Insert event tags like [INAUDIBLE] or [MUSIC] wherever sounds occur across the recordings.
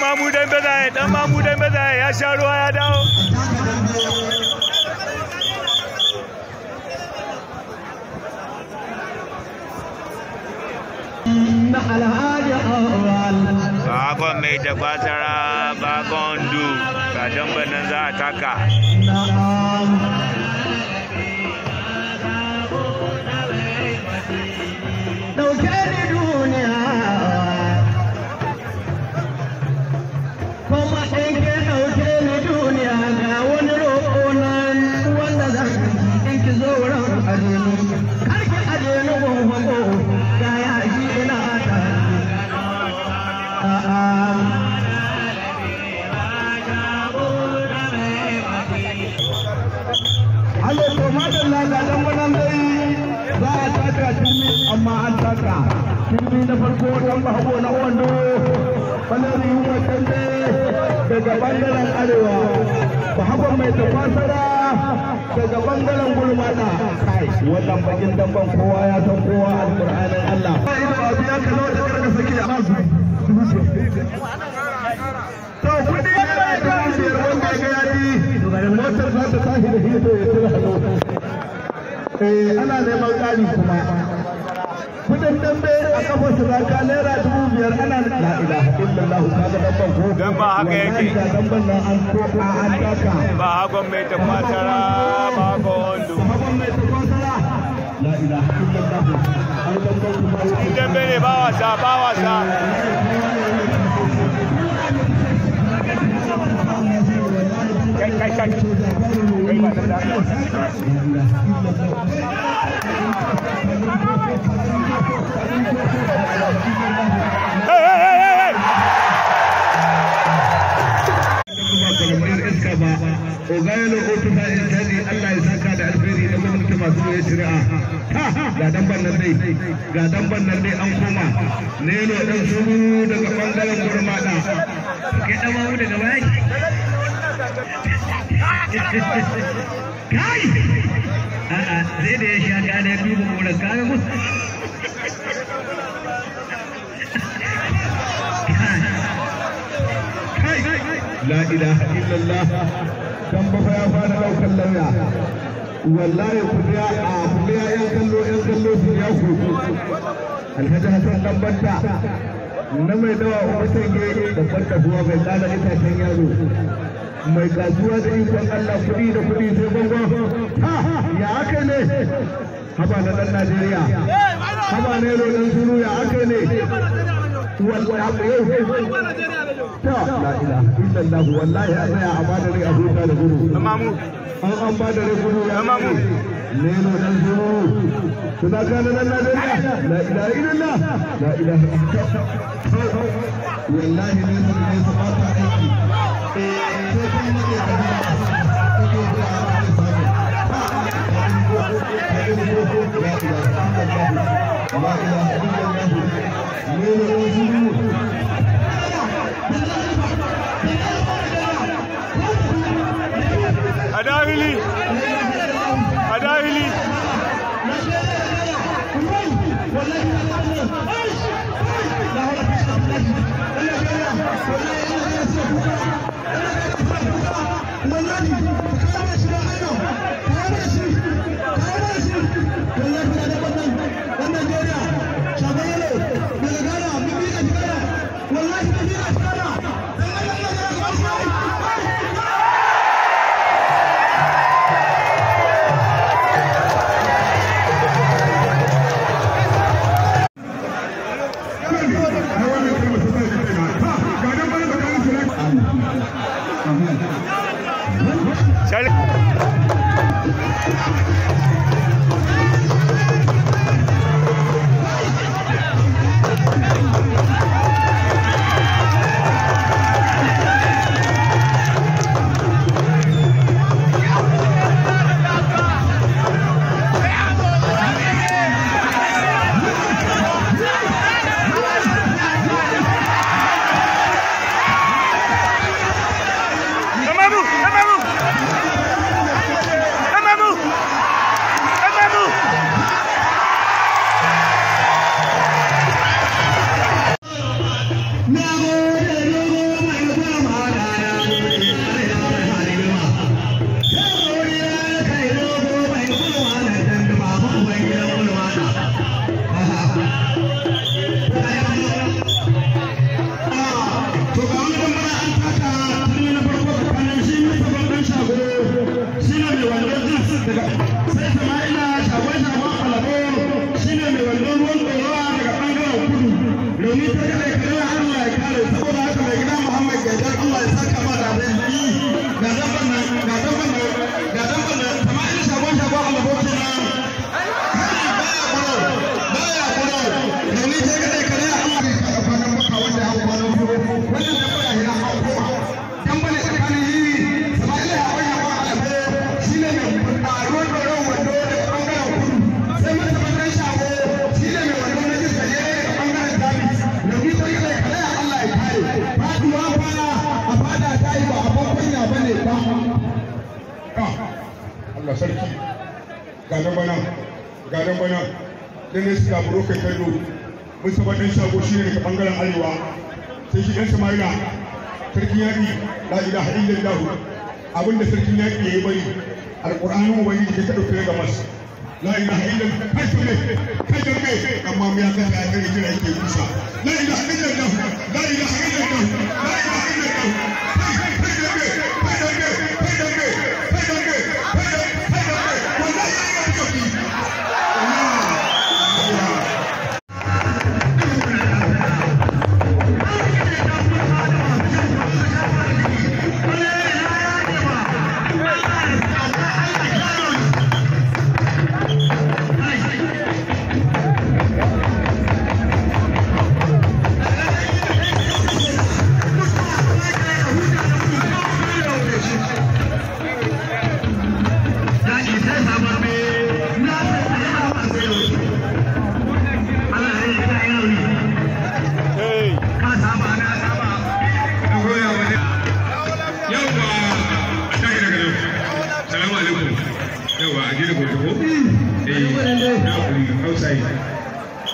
mamu dan bezaye dan mamu dan bezaye ya sha ruwa ya dawo bakon mai da kwatara bakon du ga dambanin za a taka da farko dan bahago na wando balari yunwa kande daga bangaren arewa bahagon mai tafasara daga bangaren gulmada wannan bakin damban kowa ya san kowa Allah da karkasa ki to kudi ne da biyar wanda ga yadi motar za ta da hito ya tura eh, ana neman ƙari kuma kudin dambe a kafar su naira dubu biyar ana ka ga ko dan ba haka yake nan an ko a an daka ba mai ta kwatara ba mai ta kwatara ba wasa ba wasa ogayen otu ba in sani Allah ya saka da alheri da gwamnati masu ya shari'a ga damban nan dai ga damban nan dai an koma nelo dan shuru daga bangaren gurmada ke dan mamu daga baya kai a'a sai da ya sha gane duba mura kaga ku لا إله إلا الله dan baba ya fara daukan lauya wallahi ku biya a biya yan kallo yan kallo su ya ku alhaji hasan dan banta na mai dawa wata ge babban tafuwa bai kada itacen yaro mai kasuwa da ikon Allah kuɗi da kuɗi sai bango ya aka ne haba na ɗan Najeriya haba na yaro ɗan suru ya aka ne wallahi la ilaha illallah wallahi a tsaya a bada rai abota da gudu an an bada rai gudu ya imamu lelo dan zuru kuna kana nan Najeriya la ilaha illallah la ilaha wallahi ne su ne su fata aiki eh sai kun ne ka ba ku ga la ilaha illallah la ilaha illallah lelo Nigeria, ai ba abin kunya ba ne ba Allah sarki ga nan bana ga nan bana Dennis Laburo kai kallo Mustapha dan shago shi ne daga bangaren arewa sai shi dan Samaila sarkin yaƙi la ilaha illallah abinda sarkin yaƙi yi bari alqur'anin ubangiji ta dauke ga masu la ilaha illallah kai ne kai ne amma mu ya kasa ya kare jira yake kusa la ilaha illallah la ilaha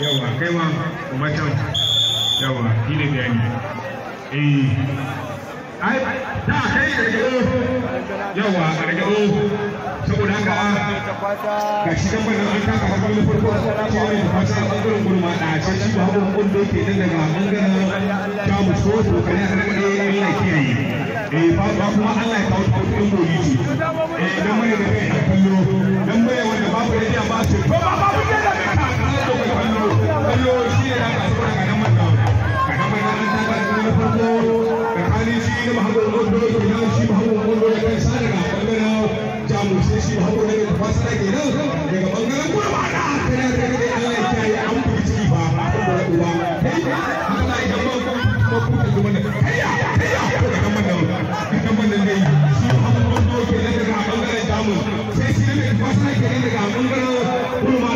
yawa kaiwa kuma can yawa shi ne bayani eh ai da kai da jago yawa a saboda haka ga shi kan bana an kaka hakan na farko a tsara ma wani fata bangaren gurma da ce shi ba hakan kundo ke nan daga bangaren kamu so to kare a nan ɗaya Allah kiyaye eh ba kuma Allah ya kawo ɗin goyi eh dan mai da kai a kallo dan mai wanda babu rajiya ba ce ba ba ba farko tsakanin shi na mahammadu da daga a kuma ko ne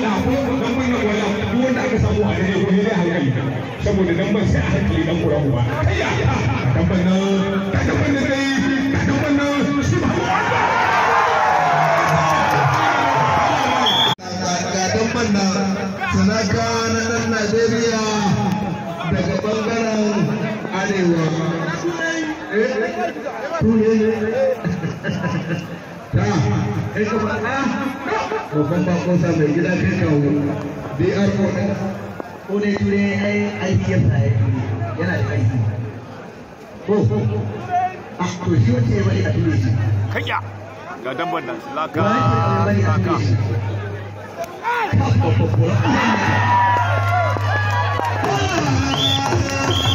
da a kuma zai hankali saboda dan sai a hankali dan kayya dan ban nan ka dan ban nan dai dan ban nan shi ba ga dan ban nan sanaka na dan Najeriya daga bangaren arewa ta mai gida kai kawo ko dai ya yi IPS na ya yana da ƙarfi ko ko a to shi wacce ya bari a ture shi kaya ga damban nan laka laka Oh, [LAUGHS]